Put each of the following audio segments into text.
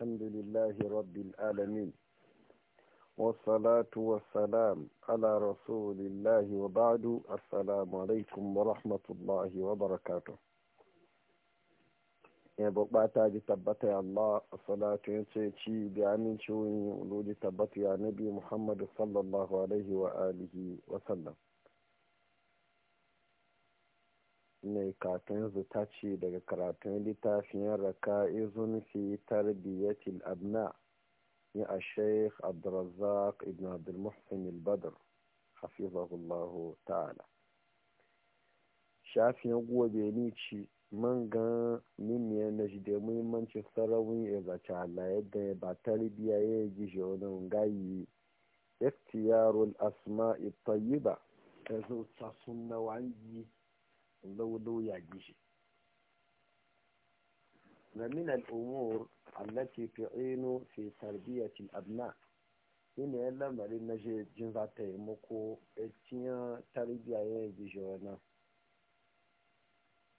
الحمد لله رب العالمين والصلاة والسلام على رسول الله وبعد السلام عليكم ورحمة الله وبركاته ya bukata ji tabbata ya Allah salatu ya ce ci da amincewa yin wani tabbata ya nabi Muhammadu sallallahu alaihi wa alihi wa sallam mai kafin su ce daga karatun littafin raka izun fi tarbiyyatil abna ya a sheikh abdulrazak ibn abdulmuhsin al-badr hafizahullahu ta'ala shafin gobe ni ci man gan mimiyar na shi da muhimmancin sarawin ya zace Allah yadda ba tarbiya ya yi gishe wani gayi ikhtiyarul asma'i tayyiba ta zo ta sunna wangi lawlaw ya ji shi na min al'umur allati tu'inu fi tarbiyati shi ne yan lamari na shi jin za ta yi muku a cikin tarbiya ya ji bishe wani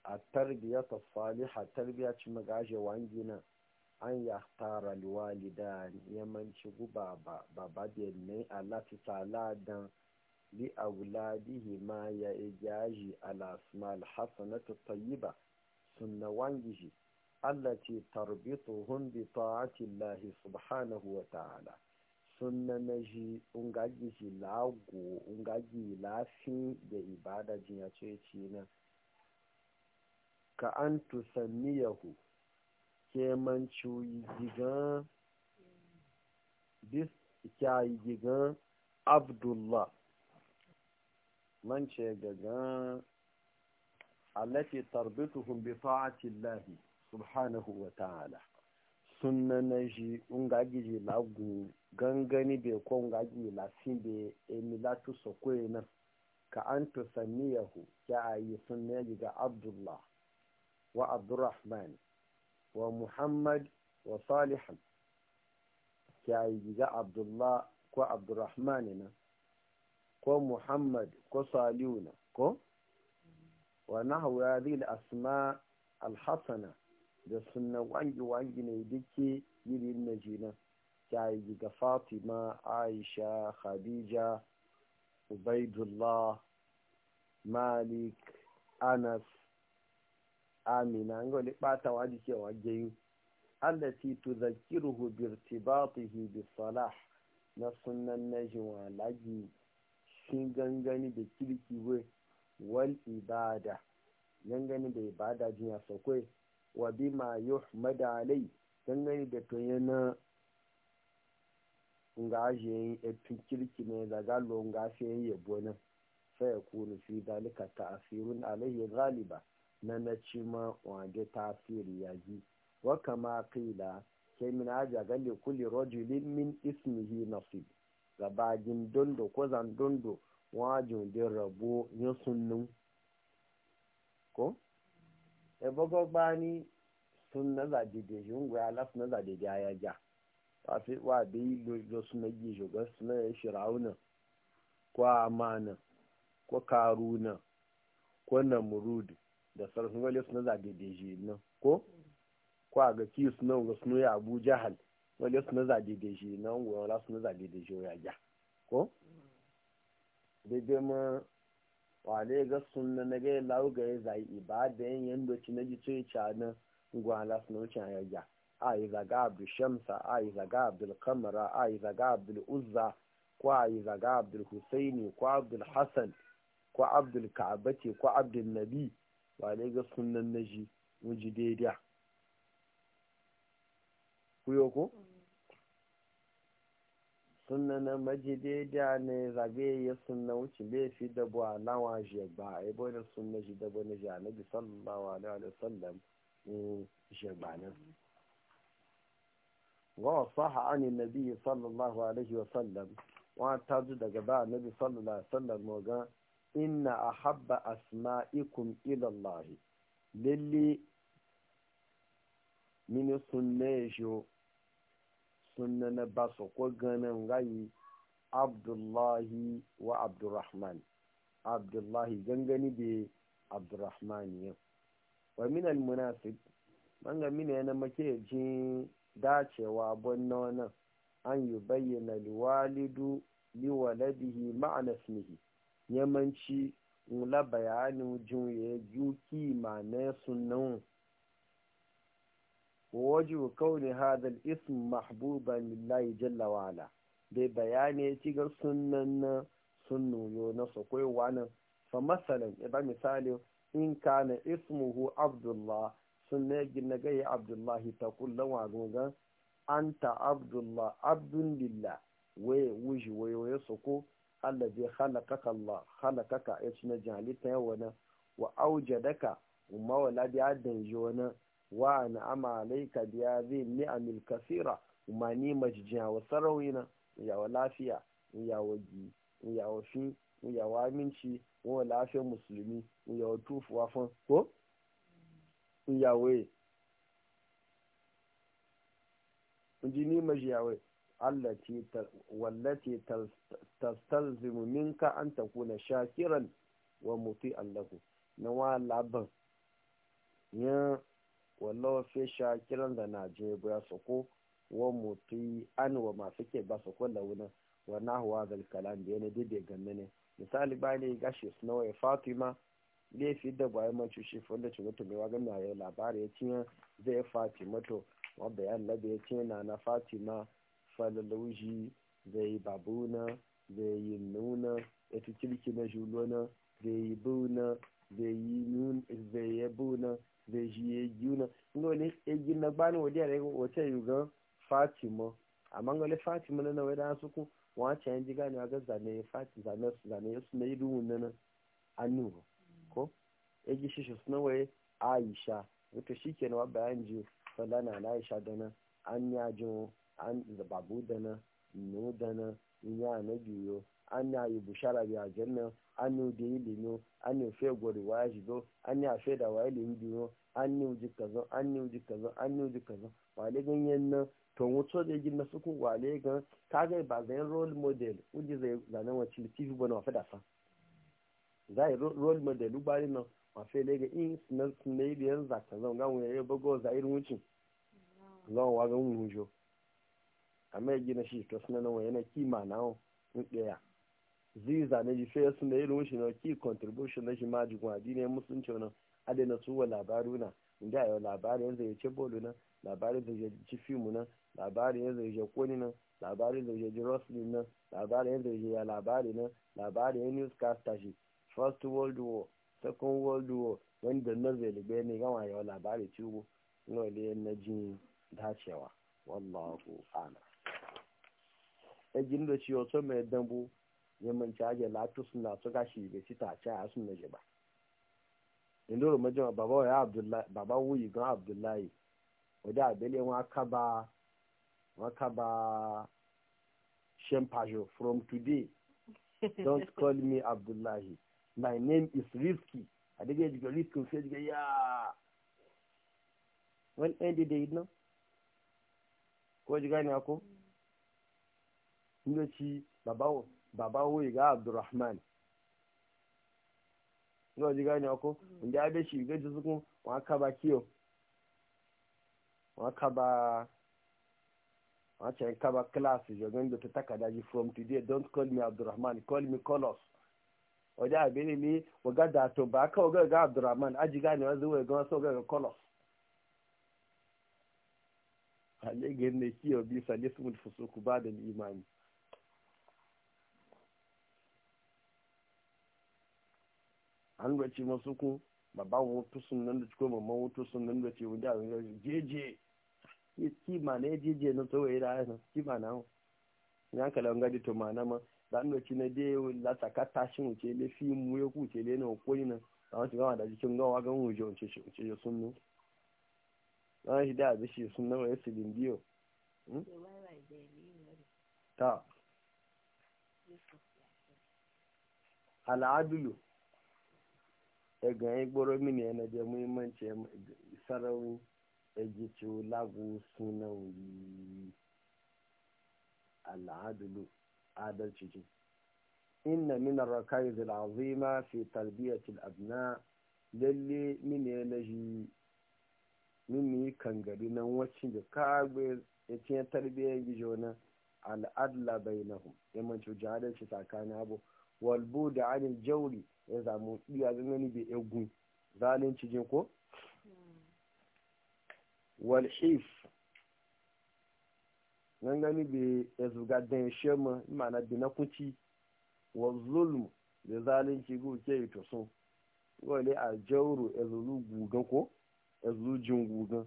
a tarbiya ta a tarbiya ci magaje wangi na an ya tara liwali da yamanci guba ba ba ba da ne allah fi sala don bi auladihi ma ya ijaji ala asmal hasanatu tayyiba sunna wangihi allati tarbituhum bi ta'ati llahi subhanahu wa ta'ala sunna naji ungaji ji lagu ungaji lafi da ibada jin ya ce na ka an tusanniyahu ke man cuyi bis gigan abdullah man ce gagan allati tarbituhum bi ta'ati Allah subhanahu wa ta'ala sunna na ji unga giji lagu gangani ko unga giji la simbe emilatu sokwe na ka an tusanniyahu ya ayi sunna ji ga Abdullah wa Abdurrahman wa Muhammad wa Salihan ya ayi ga Abdullah ko Abdurrahman na ko muhammad ko salihuna ko wa nahwu hadhihi al-asma al-hasana da sunna wangi wangi ne dake yiri na jina yi ga fatima aisha khadija ubaidullah malik anas amina ngole bata waji cewa jayu allati tudhakkiruhu bi irtibatihi bis salah na sunnan najwa laji cikin gangani da kirki wai wal ibada gangani da ibada jiya sakwai wa bi ma yuhmada alai gangani da to yana nga kirki ne daga lo nga yabo nan sai ya kunu fi dalika ta'asirun alaihi raliba na na ci ma wage tasiri ya ji wa kama qila kai min aja gali kulli rajulin min ismihi nasib gabajin dondo ko zan e dondo wajin din rabo ya sunnun ko ebogo gbani sunna za dede yungu ala sunna za dede ayaja tafi wa bi lo lo sunna ji shoga sunna ya shirauna ko amana ko karuna ko namrud da sarfin wale sunna za dede ji nan ko ko ga ki sunna ga sunna ya abu jahal wale su na zaɗi da shi na ungo wala su na zaɗi da shi ya ja ko daidai ma wale ga sunna na gaya lawu ga ya zai ibada yin yanda ci na ji ce ca na ungo ala su na wuce ya ja a yi zaga abdul shamsa a yi zaga abdul kamara a yi zaga abdul uzza ko a yi zaga abdul husaini ko abdul hassan ko abdul ka'abati ko abdul nabi wale ga sunan na ji mun ji daidai kuyo ko sunna na majide da ne zabe ya sunna wuce bai fi da bu alawa je ba ai boy da sunna ji da bane ji bi sallallahu alaihi wa sallam je ba ne wa saha an annabi sallallahu alaihi wa sallam wa ta ji daga ba bi sallallahu alaihi wa sallam mo ga inna ahabba asma'ikum ila allah lilli min sunna sunna na ba su ko ganin rayu abdullahi wa abdurrahman abdullahi gangani be abdurrahman ya wa min almunasib man ga mina yana make jin dacewa bonna wannan an yi bayyana liwalidu waladihi ma'ana ismihi yamanci mula bayanin jin ya yi kima na sunan waje kawai hadal ism mahbuba lillahi jalla wa ala bai bayani ya ci ga sunan na nuno na sakwai wani fa masalan ya ba misali in kana ismuhu abdullah sun ne gina gaya abdullahi ta kullum wa gogan anta abdullah abdun lillah waye wuji waye waye sako Allah zai halakaka Allah halakaka ya ci na jihali wa aujadaka umma wala bi adan yi wani wa na'ama alaika biya zai ni'amil kasira umani majijiya wa sarawina yawa lafiya yawa gi yawa fi yawa aminci wa lafiyar musulmi yawa tufuwa fan ko yawe jini majiyawe allati wallati tastalzimu minka an takuna shakiran wa muti allahu na wa laban ya wallawa fi shakiran da na je ba soko wa mutu an wa masu ke ba soko launa wa nahwa zal kalam da yana dide ganne ne misali ba ne gashi suna wa fatima laifi da bayan manci shi fanda ci mutum mai wagan na yau labari ya cinye zai fatima to wanda ya labe ya cinye na na fatima falaluji zai babuna zai yi nuna ya ci kirki na julona zai yi buna zai yi nun zai yi buna zai shi na ina ne ya gi na gbani wa diyar ya wace yi gan fatima amma ga wale fatima na na wadda su ku wace yan ji gani ga zane fati zane su zane ya na yi duhun na nan ko eji gi shi shi suna waye aisha wato shi ke wa bayan ji sallana na aisha dana an yajin an zababu da nan dana da na an ayi yi bushara bi aljanna an ni da ilimi an ni fe gori waya shigo an ni a fe da waya ilimi biyo an ni uji kazo an uji kazo an ni uji kazo wale gan to gin na suku wale gan ka ga ba zan role model uji zai zanen wa chili tv bana wa fe da fa role model wa in na ne za ka zan ga wuya ba go za irin wucin zan wa ga mun hujo amma shi to wa yana kima ziza na ji fiye su na irin na ki contribution na shi ma jigun addinin musulunci wani adana su wa labaru na inda yau labarin yanzu ya ce bolu na labarin da ya ci fimu na labarin yanzu ya koni na labarin da ya ji rosling na labarin yanzu ya labari na labarin ya newscaster shi first world war second world war wanda na zai libe ne gama yau labari ciwo na wale na jin dacewa wallahu ana. Ejin da ciwo so mai dambu yamman caje latu suna suka shi ga shi ta ca a sun naje ba indoro majama baba ya abdullahi baba wuyi gan abdullahi wadda abele wọn kaba wọn kaba shempajo from today don't call me abdullahi my name is risky adiga jiga risky sai jiga ya wani ɗan da dai nan ko jiga ne ako inda mm. ci babawo bàbá wo ìgá abdulrahman ní ọjọ́ ìgbà ni ọkọ ǹjẹ́ abẹ́sì ìgbẹ́ tuntun wọn kaba kíọ wọn kaba wọn ṣe ń kaba kíláàsì ìjọ̀gbọ́n ló ti takada yìí from today don't call me abdulrahman call me colors ọjọ́ àbẹ́rẹ́ mi ọ̀gá dàtọ̀ bá ká ọgá ìgá abdulrahman ajígá ni wọ́n zẹ́wọ̀ ẹ̀gán sọ ọgá ìgá colors. alẹ́ gẹ́gẹ́ ní kí ọbí sàlẹ́sùmùtì fòsókù bá dẹ̀ ní ìmáàmù. an race masu ku baba wutu sun nan da cikin mamman wutu sun nan da ce wanda a yanzu jeje ne jeje na tsawo ya ra'ayi na ki ma na ya kala an gadi to ma na ma da an na dai la saka tashin wuce le fi mu ya kuce na koyi na a wasu gama da jikin gawa gan wuje wuce shi wuce ya na yi igboro mini yana da muhimmanci sarauni egici lagu sunan al'adulu adalci ce inna min ar-rakaiz al fi tarbiyati al-abna lalle min yana ji mini kan gari nan wacce da kagbe ya ce tarbiyyar gijo na al'adla bainahum yammanci adalci tsakanin abu walbu da anil jauri ya zamu tsiya gangani bai egun zalunci jin ko walhif gangani bai ya zuga dan shema mana bi na kuci wa zulm da zalunci go ke yi to so wale a jauru ya zulu gugan ko ya zulu jin gugan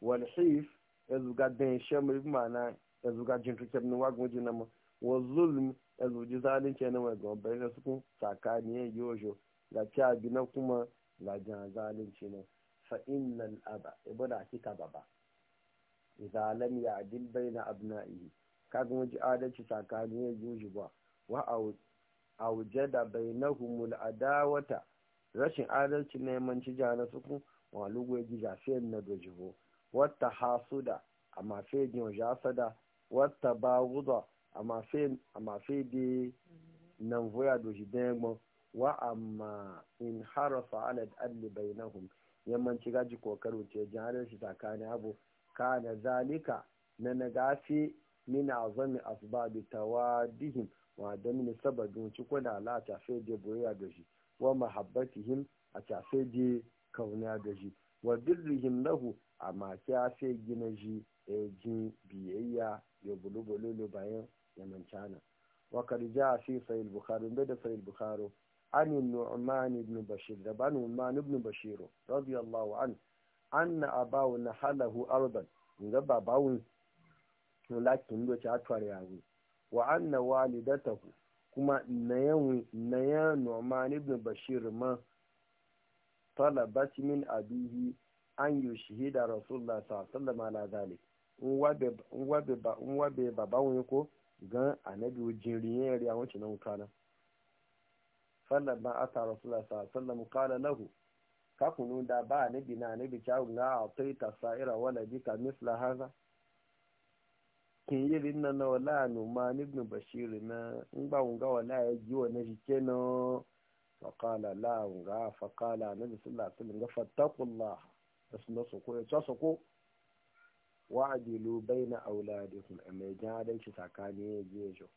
walhif ya zuga dan shema ma'ana ya zuga jin tukar wagun wagon jinama wa zulm ya zuji zalunci na mai gombai da suku tsakani ya yi ojo ga ci abi na kuma ga jan zalunci ne fa innal aba ibu da ka baba bai na abu na abna'ihi kaga mu ji adalci tsakani ya yi ojo ba wa aujada bainahumul adawata rashin adalci na yamanci na suku walugu ya ji jafe na dojibo wata hasuda amma fe jin jasada wata baguda amma sai dai nan voya doji dẹ́gbọ́n wa amma in harafa alad na hun yammanci gaji kokaro ce jaharar shi tsakanin abu ka na zalika na na nagafi mina zami asbabi ta wa da min sababin ci ko da a ta fe de boya da shi wa a ta fe kauna da shi wa dirrihim nahu amma ta fe gina shi ja fi sahih bukhari bai da sahih bukhari an nu'man ibn bashir da ban nu'man ibn bashir radiyallahu an anna abahu nahalahu ardan ga babawun lakin do ta tware yawo wa anna walidatahu kuma nayan nayan nu'man ibn bashir ma talabat min abihi an yushhida rasulullah sallallahu alaihi wasallam ala dhalik in wabe babawun ko gan annabi wujin riyan yari a wancan nan kana sallan ban ata rasulullah sallallahu alaihi wasallam lahu ka kunu da ba annabi na annabi ta na a taita sa'ira wala bika misla haza kin yi rinna na wala numa ibn bashir na in ba wunga wala ya ji wa na shike na faqala la wunga faqala annabi sallallahu alaihi wasallam ga fattaqullah da sunna soko ya tsasa ko wa'adilu baina auladikum mai jan adalci tsakanin ya je jo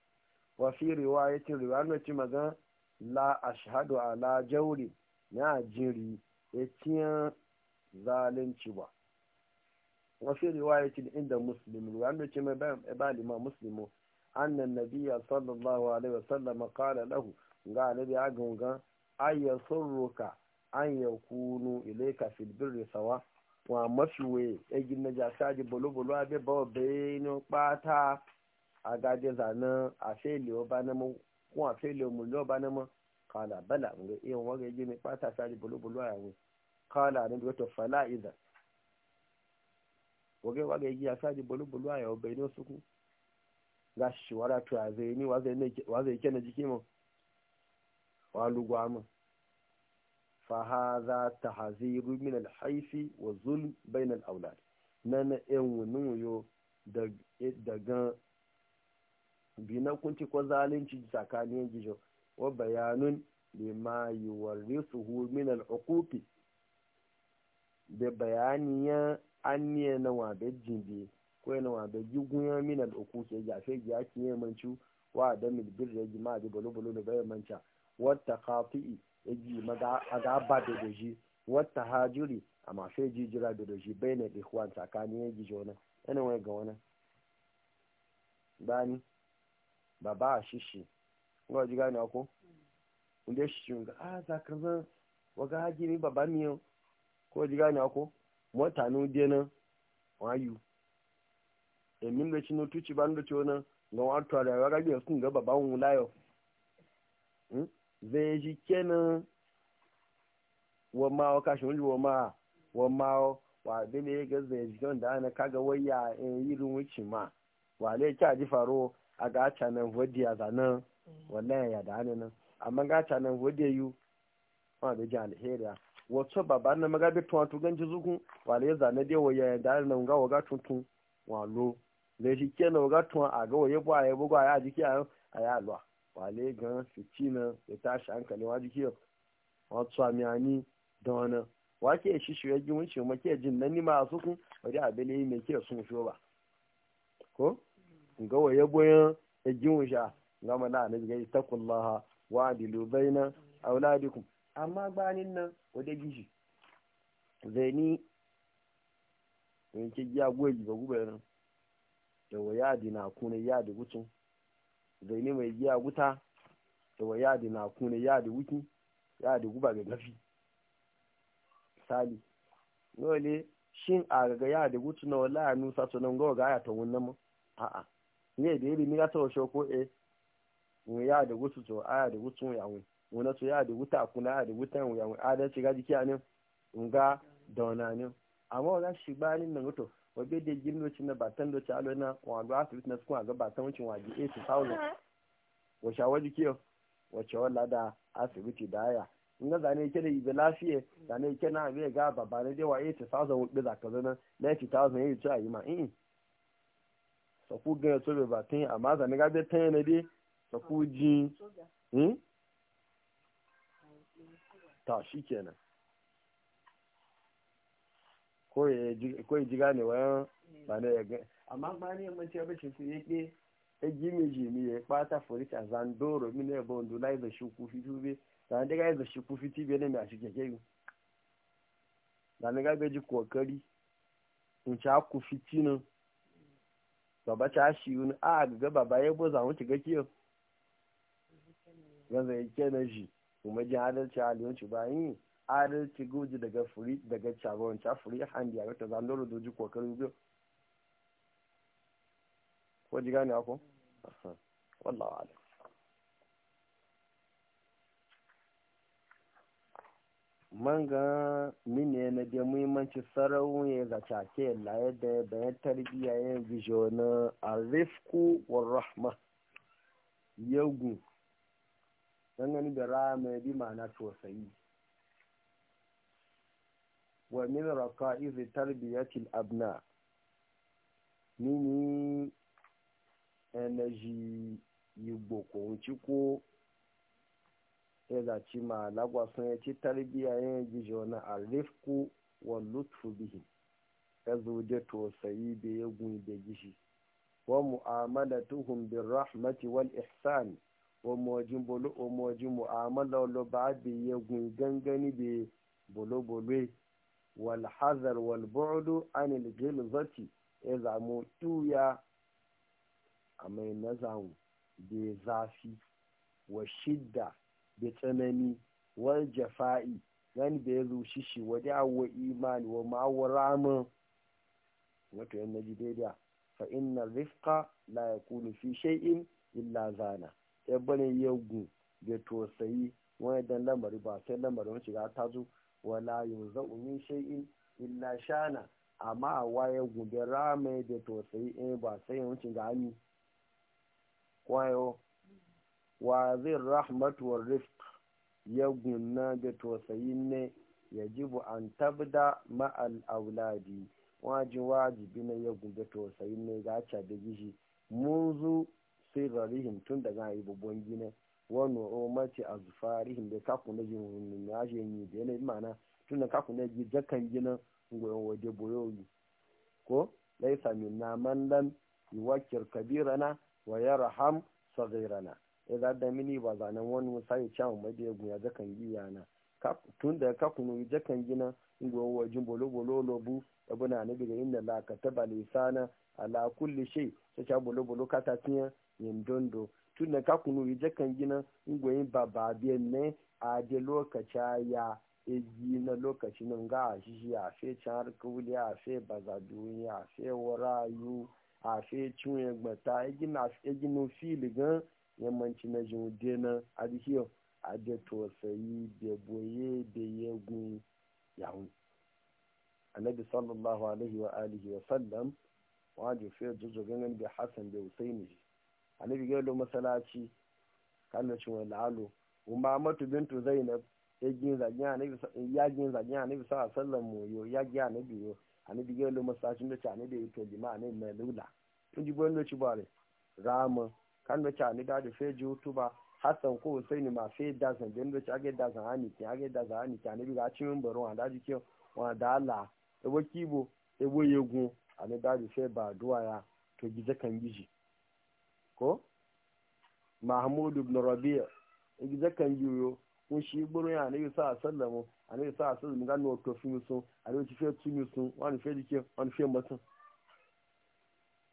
wa fi riwayatin riwayar maza la ashhadu ala jawri na jiri etiyan zalunci ba wa fi riwayatin inda muslim riwayar ci mai ba ma muslimu annan nabiyya sallallahu alaihi wasallam qala lahu ga annabi agunga ayyasurruka an yakunu ilayka fil birri sawa' wọn mafiwe egin na jasa di bolobolo abe ba ọbẹ ni pata agade zana ọba na mọ kún afele omuli ọba na mọ kala bala nga iya wọn ga egin ni pata bolobolo kala ni bi wato fala wọ́n wọ́n bolobolo na fahaza ta haziru min alhaifi wa zulm bain al'aulad na na yan wunin wuyo daga binan kunci ko zalunci tsakanin gijo wa bayanun lima yi warisuhu min al'ukuki da bayani ya an ne na wabe jinde ko na wabe gigunya min al'ukuki ya fi ya kiyamanci wa da milbir ya ma da bolo-bolo da bayan manca wata kafi'i eji a aga aba dodoji wata ha juri a masu eji jira dodoji bai na ikuwa tsakanin eji jona yana wai ga wani bani baba a shishi ga ji gani ako inda shi ga a ah, zakarzan waga hajjiri baba miyo ko ji gani ako mota nu dena wayu emin da shi nutuci ban da ci wani ga wata da ya ga biyar sun ga baban wulayo hmm? zai ji kenan wa mawa kashin wuli wa ma wa mawa wa ya ga mm. ya da ana kaga waya in yi wuce ma wa le kya ji faro a ga aca nan wadiya zanen wannan ya da hannun amma ga nan wadiya yu ma da ji alheriya wasu babba na maga bi tuwa tu ganji wa le zane dai ya da hannun ga tuntun wa lo kenan tuwa a ga a ya bugu a ya jiki a wale gan na ya tashi hankali wa jiki wasu ani da wani wake shi shi ya gin wuce make jin nan ni ma su kun wani abin mai ke sun sho ba ko ga waye boyan ya gin wuce ga mana na ga taqullaha wa adilu baina auladikum amma gbanin nan wadda gishi zaini in ki ya goyi ga gube da waya dina kuna ya da gutsun zaini mai giya wuta da wa yadi na kuna yadi wuki yadi guba ga gafi misali dole shin a ga yadi wutu na wala ya nusa to nan ga ya ta wannan mu a. ne da yiri ni ga to sho ko e mu yadi wutu to a yadi wutu ya wani wani to yadi wuta kuna yadi wuta ya wani adalci ga jiki anin nga da wani amma wa ga shi bayanin nan wuto wabe da gin doci na batan doci alona wa wando asibiti na sukun ga batan wucin waje 80,000 wa shawaji kiyo wace wala da asibiti da daya in ga zane ke da ibe lafiye zane ke na abe ga babba na dewa 80,000 wadda za ka zana 90,000 ya yi ci a yi ma in so ku gaya so bai batun amma zane ga be tan na de so ku ji hmm? ta shi kenan ko ya ji ganewa eh. ba na ya amma ba ne yammanci abin su ya ke eji gimi jimi ya kpata furita zandoro mini ebe ondo na iza shi kufi tube na ndị ga iza shi kufi tube ne mai a cikin na ndị ga gaji kokari in ci aku baba ta shi a gaga baba ya boza wuce ga kiyo na ji kuma a adalci guji daga furi daga cabon ca furi handi a wata zandoro doji kokarin biyu ko ji gane ako wallawa ala man ga mine na da muhimmanci sarau ya zaca ke laye da bayan tarbiyya ya gijo na arifku wa rahma yagu ganganin da ya bi ma'ana tosayi wa min raqa'iz tarbiyati al-abna nini energy yugbo ko chiko eza ci ma lagwasun ya ci tarbiya yin gijo na arifku wa lutfu bihi ya zoje tosayi da ya gun da gishi wa mu'amalatuhum bir rahmati wal ihsan wa mojin bolo mu'amala lo ba ya gun gangani be bolo e. walhazar hazar wal bu'du anil gilzati ya zamu tuya a na nazahu da zafi wa shidda da tsanani wal jafa'i nan da ya zuci wadi awwa imani wa ma'awar ramin wato yan naji daidai fa inna rifqa la yakunu fi shay'in illa zana ya bane yagu da tosayi wani dan lamari ba sai lamarin shiga ta zo wala yunza'u min shay'in illa shana amma a waye gobe rame da tosai in eh, ba sai wucin ga ami kwayo wa zai rahmatu wa ya gunna da tosayi ne ya jibu an tabda ma'al auladi waji wajibi na ya gunga tosayi ne ga ca da gishi munzu sirrarihim tun a yi babban gine wani o mace a zufarihim da kaku na jin yaje yi da yana mana tun da kaku na jakan gina goyon waje boyoyi ko laisa na man lam yuwakkir kabirana wa yarham saghirana idan e da mini ba zanen wani musai cewa mai da ya jakan giyana tun da kaku na jakan gina goyon waje bolo lobu abuna e na daga inda la kataba lisana ala kulli shi sai bolo bolo katatiyan yin dondo tun da ka kunu yi jakan gina ngwayin baba biyan ne a de lokaci ya eji na lokaci nan ga a shi a fe can har kawuli a fe baza duniya a fe warayu a fe cinye gbata egina fili gan yammanci na jin dena na adihiyo a de tosayi de boye de yegun yawon annabi sallallahu alaihi wa alihi wa sallam wajen fe jujurin da hassan da husaini annabi gelo masalaci kallon shi wani lalo umma matu bintu zainab ya gin zagin annabi ya gin zagin annabi sa sallan mu yo ya gin annabi yo annabi gelo masalaci da cani da to jima ne mai lula kun ji gwamnati ci bare rama kan da cani annabi da fe ji ba hassan ko ni ma fe da san den da ta ga da san ani ki age da san ani ki annabi ga cin baro an da ji ke wa da Allah ebo kibo ebo yegun annabi da fe ba duwa ya to gije kan giji ko mahmud ibn rabi'a zakan yiwo kun shi buru ya ne sa sallamu ane sa sallamu ga no to fun sun ane ti fe tun sun wani fe dike wani fe mutun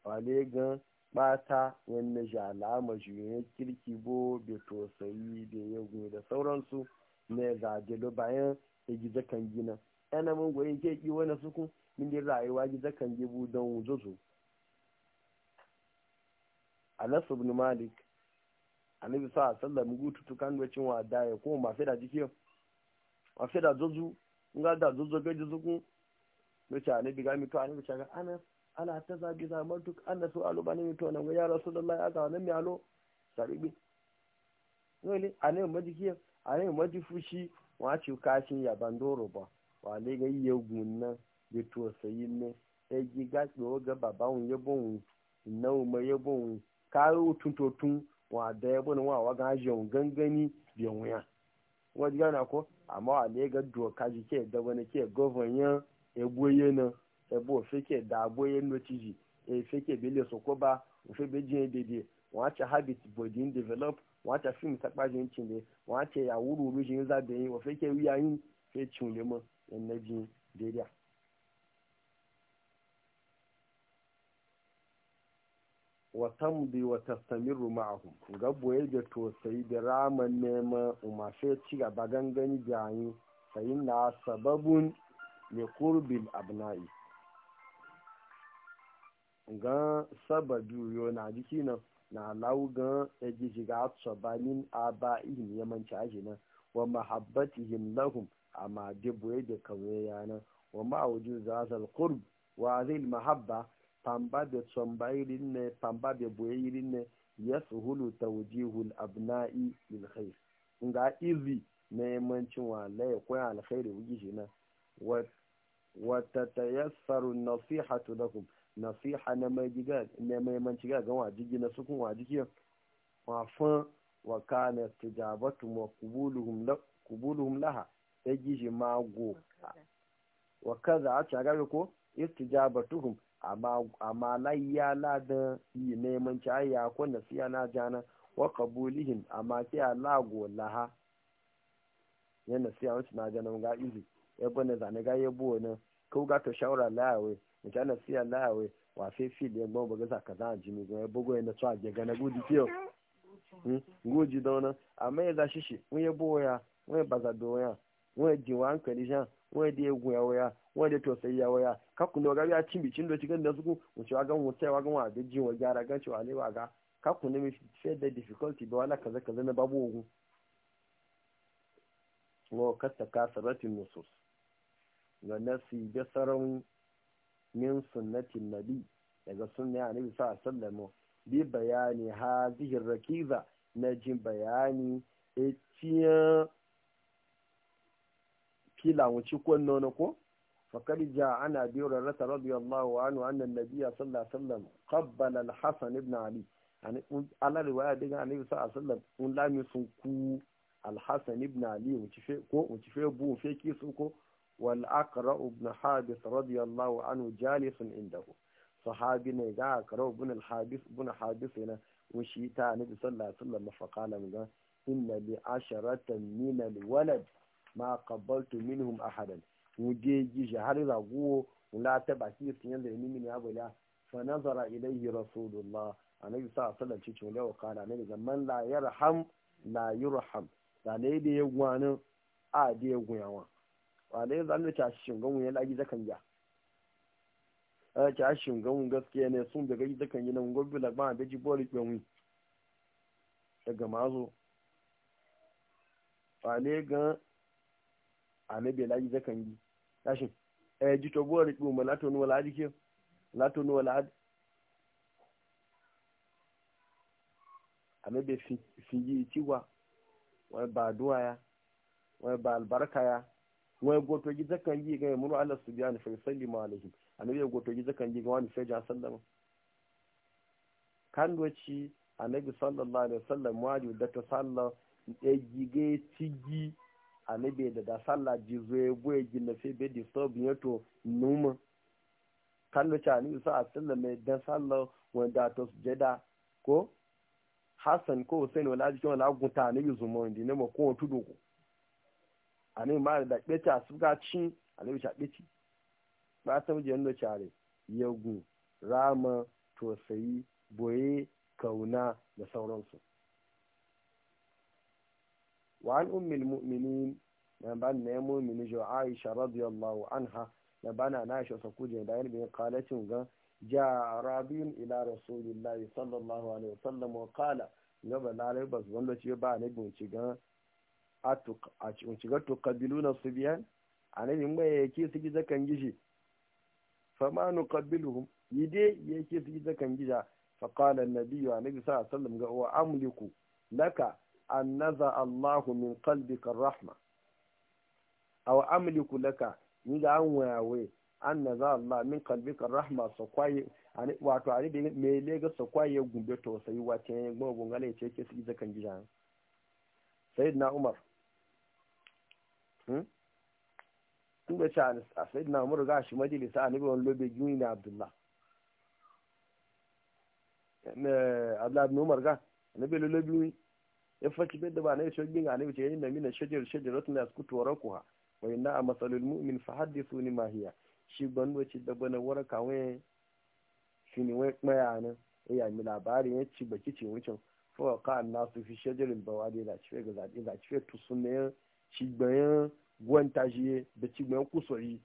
wale gan bata wanne jala majiyoyin kirki bo be sai da yagun da sauransu ne ga gelo bayan da zakan gina ana mun goyin ke ki wani suku min da rayuwa zakan gibu don wuzuzu anas ibn malik annabi sa sallam gutu tukan wacin wa daya ko ma fi da jikiyo ma fi da zozu nga da zozo be zuku wace annabi ga mi to annabi ga anas ala ta zabi za mantuk annasu alu bani mi to nan ga ya rasulullahi aka nan mi alo saribi wani annabi majikiyo annabi majifushi wa ci kashin ya bandoro ba wa le ga yi gunna bi to sayin ne e giga ga baba un yebo un nawo ma yebo un kayo tuntotun wa da ya bani wa wa gajiyar gangani biyan wuya wani gana ko amma wa ne ga doka kaji ke da wani ke gwamnan egboye na ebo ke da agboye ciji e ke bele ko ba ofe beji dede wa ce habit body develop wa ce film sakpajin cile wọn ce yawuru orujin zabe yin ofe ke wiyayin fe cin lemon yan na jin daidai wa tambi wa tastamiru ma'ahum gabo ya to sai da raman nema sai ci gaba gangan jani sai na sababun ne kurbil abna'i ga sababi yo na jiki na na laugan ya ji shiga tsabanin aba'ihim yamanci aji na wa mahabbatihim lahum amma dabo ya da kawai yana wa ma'awujin zazal kurb wa zai mahabba pamba da tsamba irin e ne pamba da boye irin e ne ya suhulu abu abna'i lil khair nga izi neemancin wa ya koya alkhairi e wuji shi na wa tatayassaru nasihatu nasiha na mai giga na mai manci ga gan wajigi na sukun wajigi wa fan wa kana tijabatu wa qubuluhum la qubuluhum laha ta gishi mago wa kaza a a ga ko istijabatuhum amma layya ladan yi neman cayayya ko nasiya na jana wa kabulihim amma ke lago laha na jana ga izi ya bane zane ga ya kau ga shawara wa fil ya gbọ́n bugasa ka za a ji mi ya bugo ya na tsawa ga gana gudi kiyo hmm, goji da wani amma ya zashi shi wani ya ya wani bazadowa ya wani jiwa hankali shan wani da ya wanda to sai ya waya ka kun ga ya cin bicin do cikin da suku mu ci ga mu sai ga wa da ji wa gyara gan cewa wa ga ka kun mi sai da difficulty ba wala kaza kaza na babu ogun wa kasta sabati nusus ga nasi da sarun min sunnati nabi daga sunna annabi sallallahu alaihi wasallam bi bayani hadhihi rakiza na jin bayani etiyan kila wuci kwanno na ko فقد جاء عن أبي هريرة رضي الله عنه أن النبي صلى الله عليه وسلم قبل الحسن بن علي يعني على رواية دي النبي صلى الله عليه وسلم أن لم يسنكو الحسن بن علي وتفي بو في كيسوكو والأقرأ بن حابس رضي الله عنه جالس عنده صحابي نجا أقرأ بن الحابس بن حابس هنا وشيتا النبي صلى الله عليه وسلم فقال من إن لعشرة من الولد ما قبلت منهم أحدا wuje gishi har raguwo la ta baki su yanda ni min abula fa nazara ilayhi rasulullah annabi sa sallan ci cewa wa kana ne ga man la yarham la yurham da eh, ne da ya gwana a da ya gwayawa wa zan da ta shingan wani lagi zakan ya a ta shingan gaskiya ne sun daga zakan yi nan gobe la ba da jibori kwenwi daga e mazo ne ga annabi lagi zakan yi tashi eh jito bo ri mu lato nu wala dike lato nu wala ame be fi fi yi tiwa wa ba duwa ya wa ba albarka ya wa goto gi zakan yi ga mu Allah subhanahu fa sallimu alaihi ame be goto gi zakan yi ga wani fa ja sallama kan doci annabi sallallahu alaihi wasallam wajib da ta sallah ya e gige tigi anabe da da sallah jizo ya goye gina sai bai disturb ya to numa kan da ni a sallah mai dan sallah wanda to jada ko Hassan ko sai wala ajiye wala gunta ne yuzu zuma wanda ne ma ko tudu a ani ma da beta su ga ci alabi ta beti ba ta mu je ndo yagu rama to sayi boye kauna da sauransu وعن أم المؤمنين نبان نيمو من جو عائشة رضي الله عنها نبان عائشة سكوجي دائر بين قالت جاء أعرابي إلى رسول الله صلى الله عليه وسلم وقال نبا لاري بس وندو تشي با نبي ونشيغا أتوك ونشيغا تقبلون الصبيان anabi mba yake su giza kan gishi fama nuqabbiluhum yide yake su giza kan gija fa qala an-nabiy wa nabi sallallahu alaihi wasallam ga wa amliku laka an naza Allahu min qalbika rahma aw amliku laka ni da an wayawe an naza Allah min qalbika rahma so kwaye wato ani da me lega so kwaye gumbe to sai wace ne gbo ne ce ke su zakan gida sayyidina Umar hmm tun cha a sayyidina Umar ga shi majalisa annabi wani lobe gini na Abdullah eh, Abdullah Umar ga annabi lobe ya faci bai da ba na yashi gina ne wuce yayin da mina shajar shajaratun da suka tuwara kuwa wai na a matsalolin mu'min fa haddisu ni mahiya shi ban wace da bana wara wani shi ne wani maya nan ya mi labarin ya ci baki ce wucin fawa ka an nasu fi shajarin bawa da ya zaci ga zaɗi zaci fe tusun na yan cigbayan gwanta shi da cigbayan kusuri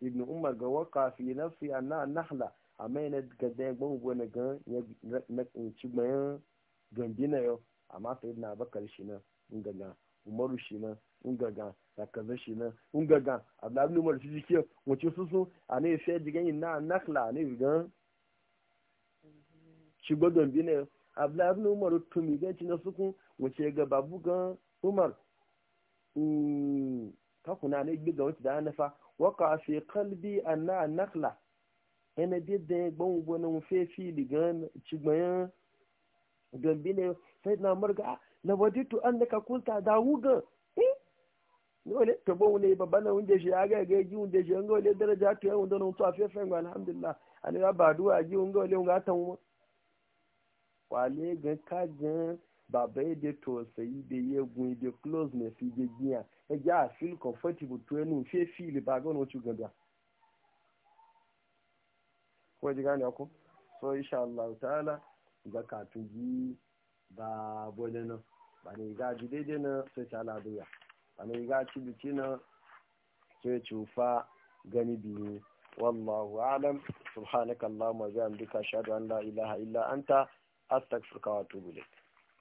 ibnu umar ga waka fi nafsi anna nahla amma yana ga da gwan gwana ga na cigbayan gambina yau amma sai na bakar shi nan in gaga umaru shi nan in gaga zakaza shi nan in gaga abdullahi umar shi jike wace su so a ne sai jigan yin na nakla ne gan shi gwadon bi ne abdullahi umar tumi gan ci na suku wace ga babu gan umar kakuna hmm, ne gbe ga wace da nafa waka fi kalbi anna nakla yana bi da gbon gbonin fefi digan cigbayan gambi ne sai ah, eh? na marga tu an ka kunta da eh ne to bon ne babban nan wunde shi aga ga ji wunde shi ngo le daraja to yawun don to afi fa alhamdulillah ani ba duwa ji ngo le nga tan mu kwale ga ka baba de to sai de yegun e de close ne fi de gian e ja ah, feel comfortable to enu fe feel ba ga no chu gaba ko ji ko so insha Allah ta'ala zakatu ji ba bole na ba ne ga ji daidai na sai ta aladuya ba ne ga ci biki na sai cufa gani biyu wallahu alam subhanakallahumma wa bihamdika ashhadu an la ilaha illa anta astaghfiruka wa atubu ilayk